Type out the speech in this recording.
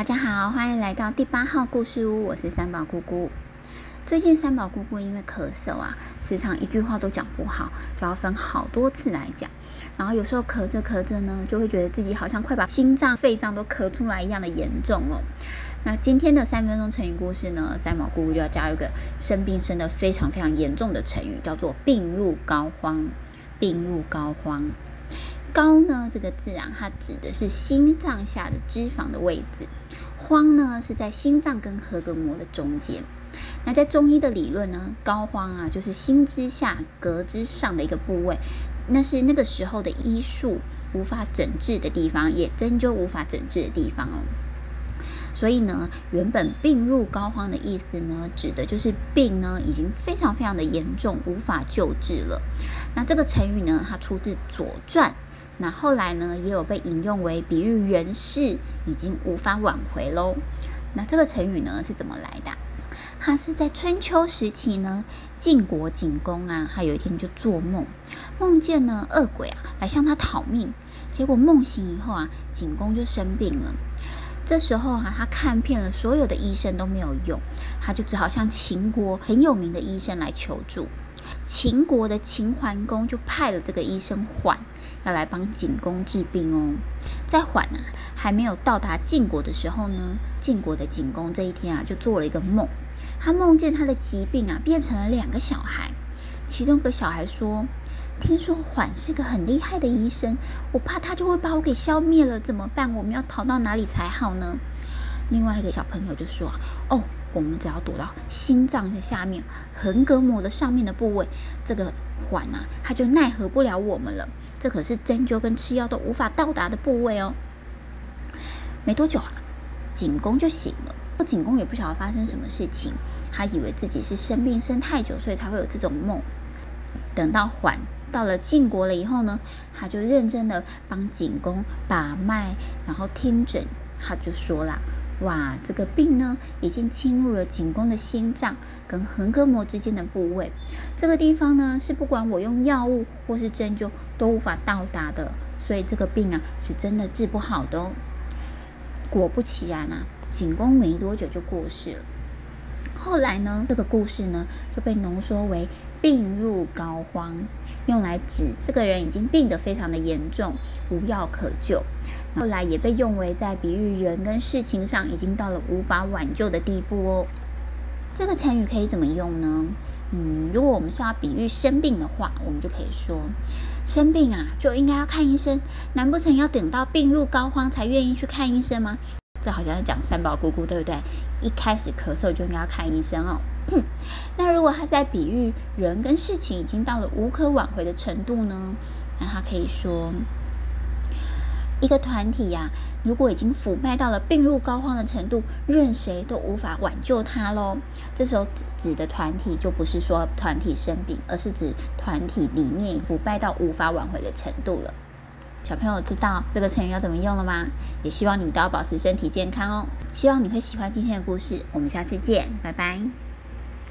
大家好，歡迎來到第八號故事屋，我是三寶姑姑。最近三寶姑姑因為咳嗽啊，時常一句話都講不好，就要分好多次來講。然後有時候咳着咳着呢，就會覺得自己好像快把心臟、肺臟都咳出來一樣的嚴重哦。那今天的三分鐘成語故事呢，三寶姑姑就要教一個生病生得非常非常嚴重的成語，叫做病入膏肓。病入膏肓。膏呢，這個字啊，它指的是心臟下的脂肪的位置。肓呢，是在心臟跟橫膈膜的中間。那在中醫的理論呢，膏肓啊，就是心之下、膈之上的一個部位，那是那個時候的醫術無法診治的地方，也針灸無法診治的地方哦。所以呢，原本病入膏肓的意思呢，指的就是病呢已經非常非常的嚴重，無法救治了。那這個成語呢，它出自《左傳》。那後來呢，也有被引用為比喻人事已經無法挽回嘍。那這個成語呢，是怎麼來的？它是在春秋時期呢，晉國景公啊，他有一天就做夢，夢見呢惡鬼啊來向他討命，結果夢醒以後啊，景公就生病了。這時候啊，他看遍了所有的醫生都沒有用，他就只好向秦國很有名的醫生來求助。秦國的秦桓公就派了這個醫生緩，要來幫景公治病哦，在緩啊還沒有到達晉國的時候呢，晉國的景公這一天啊就做了一個夢，他夢見他的疾病啊變成了兩個小孩，其中一個小孩說：“聽說緩是個很厲害的醫生，我怕他就會把我給消滅了，怎麼辦？我們要逃到哪裡才好呢？”另外一個小朋友就說：“哦。”我們只要躲到心臟的下面，橫膈膜的上面的部位，這個緩啊，他就奈何不了我們了。這可是針灸跟吃藥都無法到達的部位哦。沒多久啊，景公就醒了，不過景公也不曉得發生什麼事情，他以為自己是生病生太久，所以才會有這種夢。等到緩到了晉國了以後呢，他就認真的幫景公把脈，然後聽診，他就說啦。哇，這個病呢，已經侵入了景公的心臟跟橫膈膜之間的部位。這個地方呢，是不管我用藥物或是針灸都無法到達的，所以這個病啊，是真的治不好的哦。都果不其然啊，景公沒多久就過世了。後來呢，這個故事呢，就被濃縮為。病入膏肓，用來指這個人已經病得非常的嚴重，無藥可救。後來也被用為在比喻人跟事情上已經到了無法挽救的地步哦。這個成語可以怎麼用呢？嗯，如果我們是要比喻生病的話，我們就可以說：生病啊，就應該要看醫生，難不成要等到病入膏肓才願意去看醫生嗎？這好像是講三寶姑姑，對不對？一開始咳嗽就應該要看醫生哦。嗯，那如果他是在比喻人跟事情已經到了無可挽回的程度呢？那他可以說，一個團體呀、啊，如果已經腐敗到了病入膏肓的程度，任誰都無法挽救他嘍。這時候指指的團體就不是說團體生病，而是指團體裡面已腐敗到無法挽回的程度了。小朋友知道這個成語要怎麼用了嗎？也希望你們都要保持身體健康哦。希望你會喜歡今天的故事，我們下次見，拜拜。